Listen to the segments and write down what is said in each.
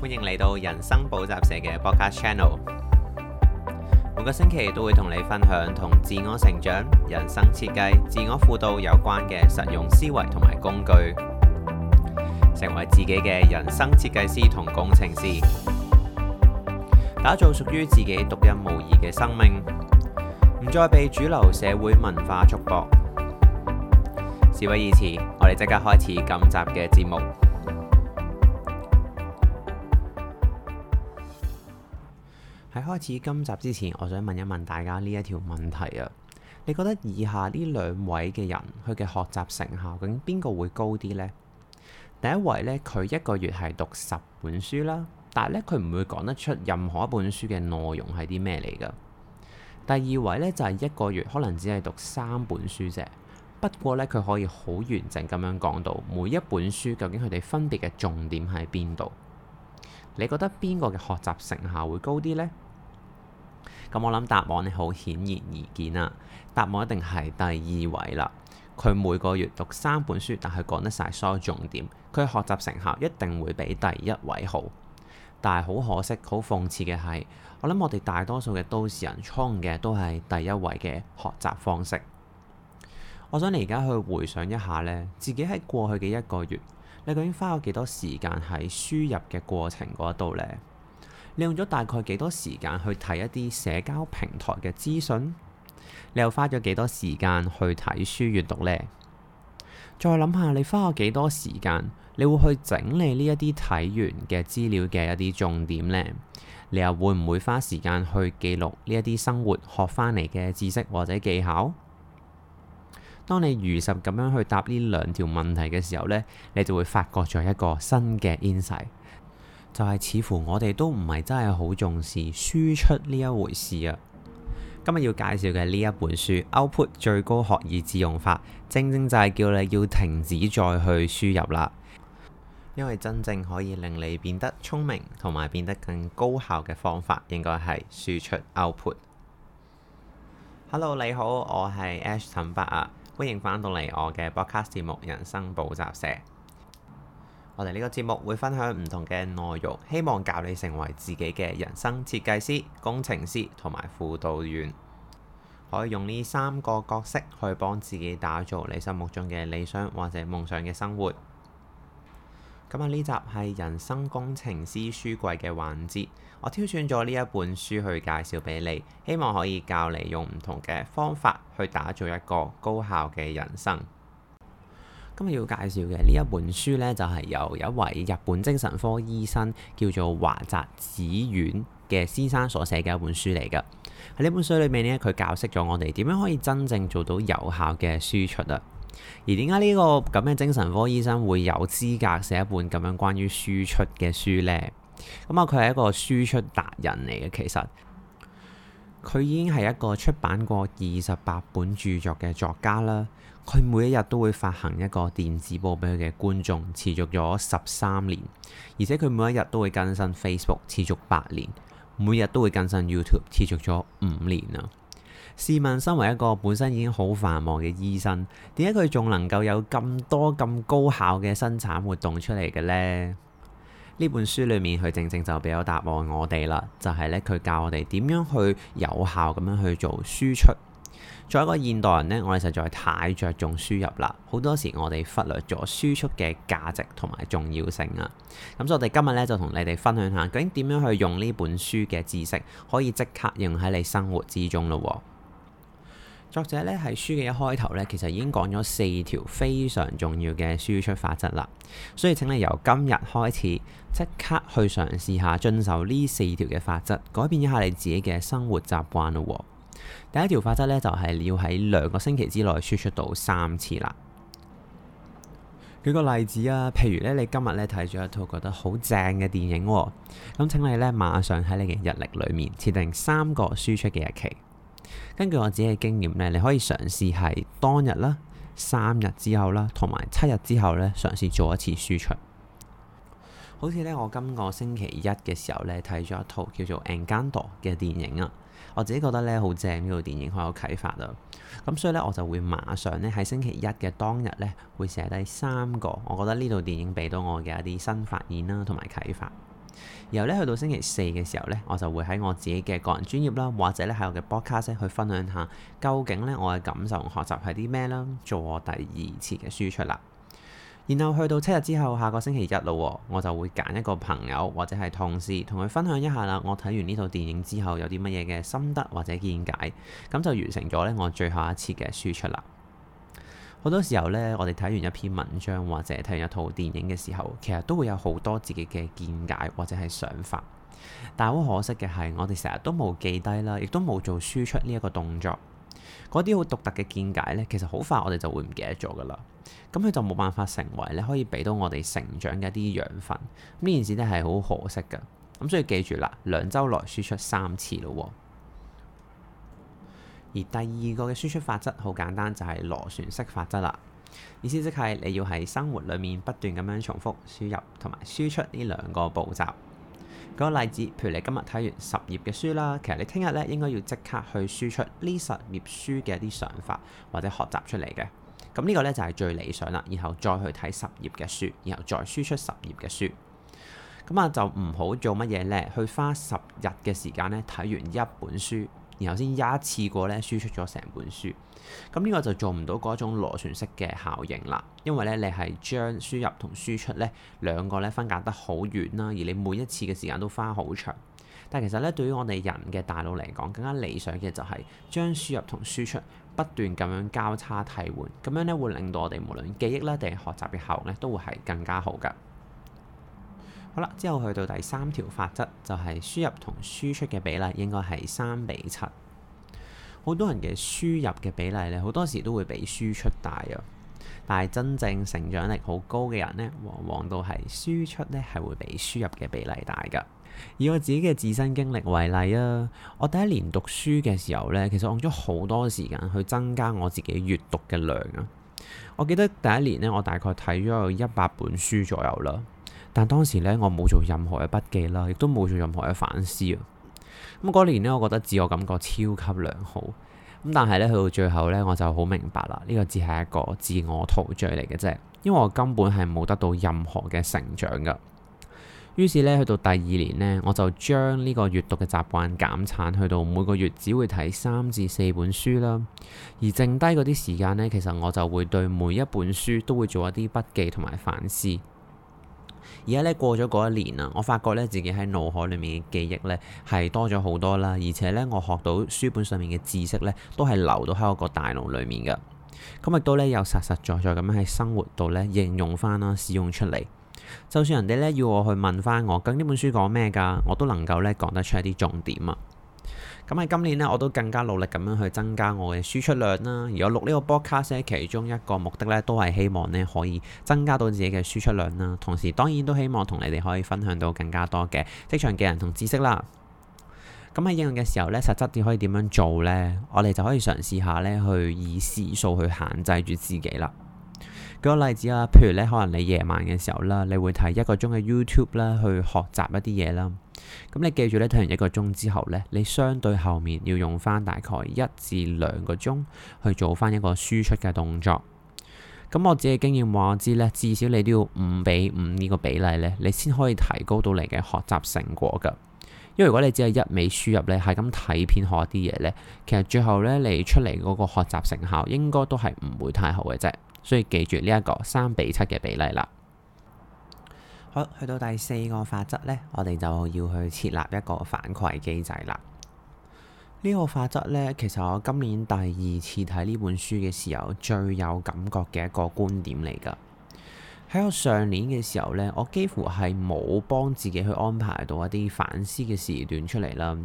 歡迎嚟到人生補習社嘅 Podcast channel，每個星期都會同你分享同自我成長、人生設計、自我輔導有關嘅實用思維同埋工具，成為自己嘅人生設計師同工程師，打造屬於自己獨一無二嘅生命，唔再被主流社會文化束縛。事不宜遲，我哋即刻開始今集嘅節目。喺開始今集之前，我想問一問大家呢一條問題啊。你覺得以下呢兩位嘅人，佢嘅學習成效究竟邊個會高啲呢？第一位咧，佢一個月係讀十本書啦，但係咧佢唔會講得出任何一本書嘅內容係啲咩嚟㗎。第二位咧就係一個月可能只係讀三本書啫，不過咧佢可以好完整咁樣講到每一本書究竟佢哋分別嘅重點喺邊度。你覺得邊個嘅學習成效會高啲呢？咁我諗答案咧好顯然而見啦，答案一定係第二位啦。佢每個月讀三本書，但係講得晒所有重點，佢學習成效一定會比第一位好。但係好可惜、好諷刺嘅係，我諗我哋大多數嘅都市人創嘅都係第一位嘅學習方式。我想你而家去回想一下呢，自己喺過去嘅一個月，你究竟花咗幾多時間喺輸入嘅過程嗰度呢？你用咗大概幾多時間去睇一啲社交平台嘅資訊？你又花咗幾多時間去睇書閱讀呢？再諗下，你花咗幾多時間？你會去整理呢一啲睇完嘅資料嘅一啲重點呢？你又會唔會花時間去記錄呢一啲生活學翻嚟嘅知識或者技巧？當你如實咁樣去答呢兩條問題嘅時候呢，你就會發覺咗一個新嘅 insight 就係似乎我哋都唔係真係好重視輸出呢一回事啊！今日要介紹嘅呢一本書《Output 最高學以致用法》，正正就係叫你要停止再去輸入啦。因為真正可以令你變得聰明同埋變得更高效嘅方法，應該係輸出 Output。Hello，你好，我係 Ash 塵伯啊！歡迎返到嚟我嘅播客節目《人生補習社》。我哋呢個節目會分享唔同嘅內容，希望教你成為自己嘅人生設計師、工程師同埋輔導員，可以用呢三個角色去幫自己打造你心目中嘅理想或者夢想嘅生活。咁啊，呢集係人生工程師書櫃嘅環節，我挑選咗呢一本書去介紹俾你，希望可以教你用唔同嘅方法去打造一個高效嘅人生。今日要介紹嘅呢一本書呢，就係有一位日本精神科醫生叫做樺澤紫苑嘅先生所寫嘅一本書嚟㗎。喺呢本書裏面呢，佢教識咗我哋點樣可以真正做到有效嘅輸出啊！而點解呢個咁嘅精神科醫生會有資格寫一本咁樣關於輸出嘅書呢？咁、嗯、啊，佢係一個輸出達人嚟嘅，其實佢已經係一個出版過二十八本著作嘅作家啦。佢每一日都會發行一個電子報俾佢嘅觀眾，持續咗十三年，而且佢每一日都會更新 Facebook，持續八年，每日都會更新 YouTube，持續咗五年啊！試問，身為一個本身已經好繁忙嘅醫生，點解佢仲能夠有咁多咁高效嘅生產活動出嚟嘅呢？呢本書裏面佢正正就俾咗答案我哋啦，就係咧佢教我哋點樣去有效咁樣去做輸出。作為一個現代人咧，我哋實在太着重輸入啦，好多時我哋忽略咗輸出嘅價值同埋重要性啊。咁所以我哋今日咧就同你哋分享下究竟點樣去用呢本書嘅知識，可以即刻用喺你生活之中咯。作者咧喺書嘅一開頭咧，其實已經講咗四條非常重要嘅輸出法則啦。所以請你由今日開始，即刻去嘗試下遵守呢四條嘅法則，改變一下你自己嘅生活習慣咯。第一條法則咧，就係你要喺兩個星期之內輸出到三次啦。舉個例子啊，譬如咧，你今日咧睇咗一套覺得好正嘅電影，咁請你咧馬上喺你嘅日曆裏面設定三個輸出嘅日期。根據我自己嘅經驗咧，你可以嘗試係當日啦、三日之後啦、同埋七日之後咧嘗試做一次輸出。好似咧，我今個星期一嘅時候咧睇咗一套叫做《Encanto》嘅電影啊。我自己覺得咧好正，呢套電影有啟發，好有啟發啊！咁所以咧，我就會馬上咧喺星期一嘅當日咧，會寫低三個我覺得呢套電影俾到我嘅一啲新發現啦，同埋啟發。然後咧去到星期四嘅時候咧，我就會喺我自己嘅個人專業啦，或者咧喺我嘅 podcast 去分享下，究竟咧我嘅感受同學習係啲咩啦，做我第二次嘅輸出啦。然後去到七日之後，下個星期一咯，我就會揀一個朋友或者係同事，同佢分享一下啦。我睇完呢套電影之後有啲乜嘢嘅心得或者見解，咁就完成咗呢我最後一次嘅輸出啦。好多時候呢，我哋睇完一篇文章或者睇完一套電影嘅時候，其實都會有好多自己嘅見解或者係想法，但好可惜嘅係，我哋成日都冇記低啦，亦都冇做輸出呢一個動作。嗰啲好獨特嘅見解呢，其實好快我哋就會唔記得咗噶啦。咁佢就冇辦法成為你可以俾到我哋成長嘅一啲養分。呢件事呢係好可惜噶。咁所以記住啦，兩周內輸出三次咯。而第二個嘅輸出法則好簡單，就係螺旋式法則啦。意思即係你要喺生活裏面不斷咁樣重複輸入同埋輸出呢兩個步驟。個例子，譬如你今日睇完十頁嘅書啦，其實你聽日咧應該要即刻去輸出呢十頁書嘅一啲想法或者學習出嚟嘅。咁呢個咧就係最理想啦，然後再去睇十頁嘅書，然後再輸出十頁嘅書。咁啊，就唔好做乜嘢咧？去花十日嘅時間咧睇完一本書。然後先一次過咧輸出咗成本書，咁呢個就做唔到嗰種螺旋式嘅效應啦。因為咧你係將輸入同輸出咧兩個咧分隔得好遠啦，而你每一次嘅時間都花好長。但其實咧，對於我哋人嘅大腦嚟講，更加理想嘅就係將輸入同輸出不斷咁樣交叉替換，咁樣咧會令到我哋無論記憶啦定係學習嘅效果咧都會係更加好㗎。好啦，之後去到第三條法則，就係輸入同輸出嘅比例應該係三比七。好多人嘅輸入嘅比例咧，好多時都會比輸出大啊。但係真正成長力好高嘅人呢，往往都係輸出呢係會比輸入嘅比例大噶。以我自己嘅自身經歷為例啊，我第一年讀書嘅時候呢，其實用咗好多時間去增加我自己閱讀嘅量啊。我記得第一年呢，我大概睇咗有一百本書左右啦。但當時咧，我冇做任何嘅筆記啦，亦都冇做任何嘅反思。咁嗰年呢，我覺得自我感覺超級良好。咁但係咧，去到最後咧，我就好明白啦。呢個只係一個自我陶醉嚟嘅啫，因為我根本係冇得到任何嘅成長噶。於是咧，去到第二年呢，我就將呢個閱讀嘅習慣減產，去到每個月只會睇三至四本書啦。而剩低嗰啲時間呢，其實我就會對每一本書都會做一啲筆記同埋反思。而家咧過咗嗰一年啊，我發覺咧自己喺腦海裡面嘅記憶咧係多咗好多啦，而且咧我學到書本上面嘅知識咧都係留到喺我個大腦裡面嘅，咁亦都咧又實實在在咁樣喺生活度咧應用翻啦，使用出嚟。就算人哋咧要我去問翻我，咁呢本書講咩㗎，我都能夠咧講得出一啲重點啊！咁喺今年咧，我都更加努力咁樣去增加我嘅輸出量啦。而我錄呢個 Podcast，其中一個目的咧，都係希望咧可以增加到自己嘅輸出量啦。同時，當然都希望同你哋可以分享到更加多嘅職場嘅人同知識啦。咁、嗯、喺應用嘅時候咧，實質點可以點樣做咧？我哋就可以嘗試下咧，去以時數去限制住自己啦。舉個例子啊，譬如咧，可能你夜晚嘅時候啦，你會睇一個鐘嘅 YouTube 啦，去學習一啲嘢啦。咁你記住咧，睇完一個鐘之後咧，你相對後面要用翻大概一至兩個鐘去做翻一個輸出嘅動作。咁我自己經驗話我知咧，至少你都要五比五呢個比例咧，你先可以提高到你嘅學習成果噶。因為如果你只係一味輸入咧，係咁睇片學啲嘢咧，其實最後咧你出嚟嗰個學習成效應該都係唔會太好嘅啫。所以記住呢一個三比七嘅比例啦。去到第四個法則呢，我哋就要去設立一個反饋機制啦。呢個法則呢，其實我今年第二次睇呢本書嘅時候，最有感覺嘅一個觀點嚟噶。喺我上年嘅時候呢，我幾乎係冇幫自己去安排到一啲反思嘅時段出嚟啦。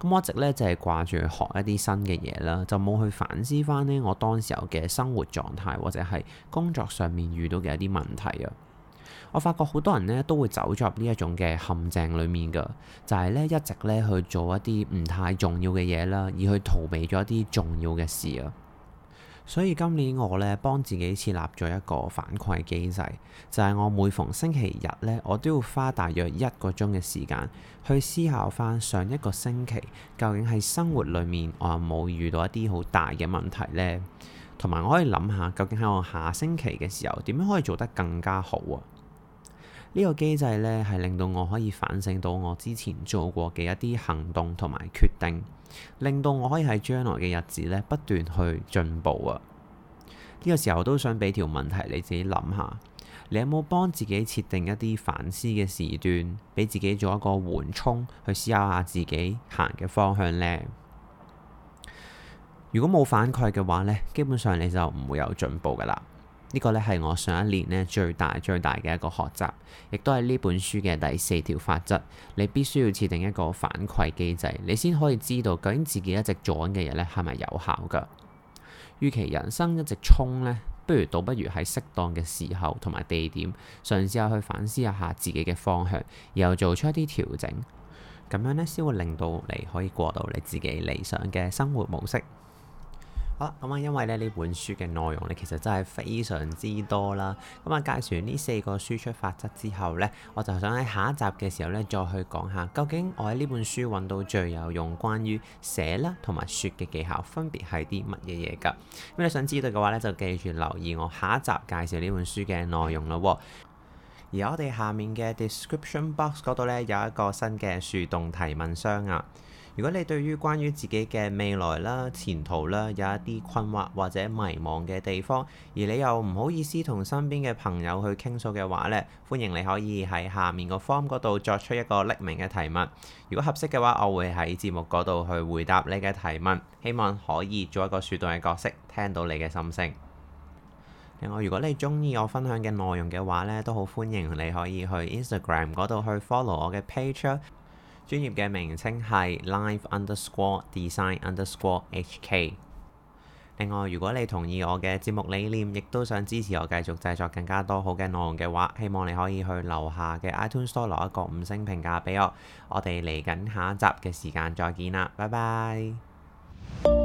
咁我一直呢，就係掛住學一啲新嘅嘢啦，就冇去反思翻呢我當時候嘅生活狀態或者係工作上面遇到嘅一啲問題啊。我發覺好多人咧都會走入呢一種嘅陷阱裏面噶，就係咧一直咧去做一啲唔太重要嘅嘢啦，而去逃避咗一啲重要嘅事啊。所以今年我咧幫自己設立咗一個反饋機制，就係我每逢星期日咧，我都要花大約一個鐘嘅時間去思考翻上一個星期究竟喺生活裏面我有冇遇到一啲好大嘅問題呢，同埋我可以諗下究竟喺我下星期嘅時候點樣可以做得更加好啊。呢個機制呢，係令到我可以反省到我之前做過嘅一啲行動同埋決定，令到我可以喺將來嘅日子呢不斷去進步啊！呢個時候都想俾條問題你自己諗下，你有冇幫自己設定一啲反思嘅時段，俾自己做一個緩衝，去思考下自己行嘅方向呢？如果冇反饋嘅話呢，基本上你就唔會有進步噶啦。呢個咧係我上一年咧最大最大嘅一個學習，亦都係呢本書嘅第四條法則。你必須要設定一個反饋機制，你先可以知道究竟自己一直做緊嘅嘢咧係咪有效㗎。與其人生一直衝咧，不如倒不如喺適當嘅時候同埋地點嘗試下去反思一下自己嘅方向，然後做出一啲調整。咁樣咧先會令到你可以過到你自己理想嘅生活模式。好，咁啊，因為咧呢本書嘅內容咧，其實真係非常之多啦。咁啊，介紹完呢四個輸出法則之後呢，我就想喺下一集嘅時候呢，再去講下究竟我喺呢本書揾到最有用關於寫啦同埋說嘅技巧分別係啲乜嘢嘢噶。咁你想知道嘅話呢，就記住留意我下一集介紹呢本書嘅內容啦。而我哋下面嘅 description box 嗰度呢，有一個新嘅樹洞提問箱啊。如果你對於關於自己嘅未來啦、前途啦，有一啲困惑或者迷茫嘅地方，而你又唔好意思同身邊嘅朋友去傾訴嘅話呢，歡迎你可以喺下面個 form 嗰度作出一個匿名嘅提問。如果合適嘅話，我會喺節目嗰度去回答你嘅提問。希望可以做一個樹洞嘅角色，聽到你嘅心聲。另外，如果你中意我分享嘅內容嘅話呢，都好歡迎你可以去 Instagram 嗰度去 follow 我嘅 page。專頁嘅名稱係 Life Underscore Design Underscore HK。另外，如果你同意我嘅節目理念，亦都想支持我繼續製作更加多好嘅內容嘅話，希望你可以去留下嘅 iTunes Store 留一個五星評價俾我。我哋嚟緊下一集嘅時間再見啦，拜拜。